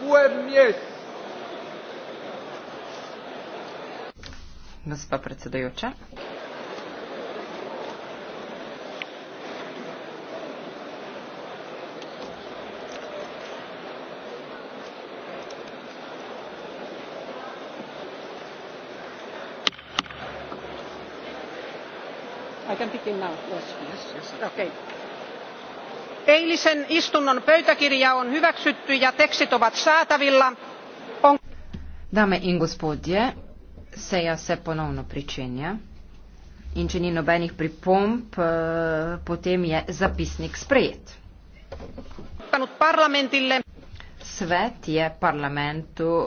Kupujem mjest. Gospa predsedajoča. I can begin now. Yes, yes, yes. Okay eilisen istunnon pöytäkirja on hyväksytty ja tekstit ovat saatavilla. On... Dame in gospodje, se ja se ponovno pričenja. In če ni nobenih pripomp, eh, potem je zapisnik sprejet. Svet je parlamentu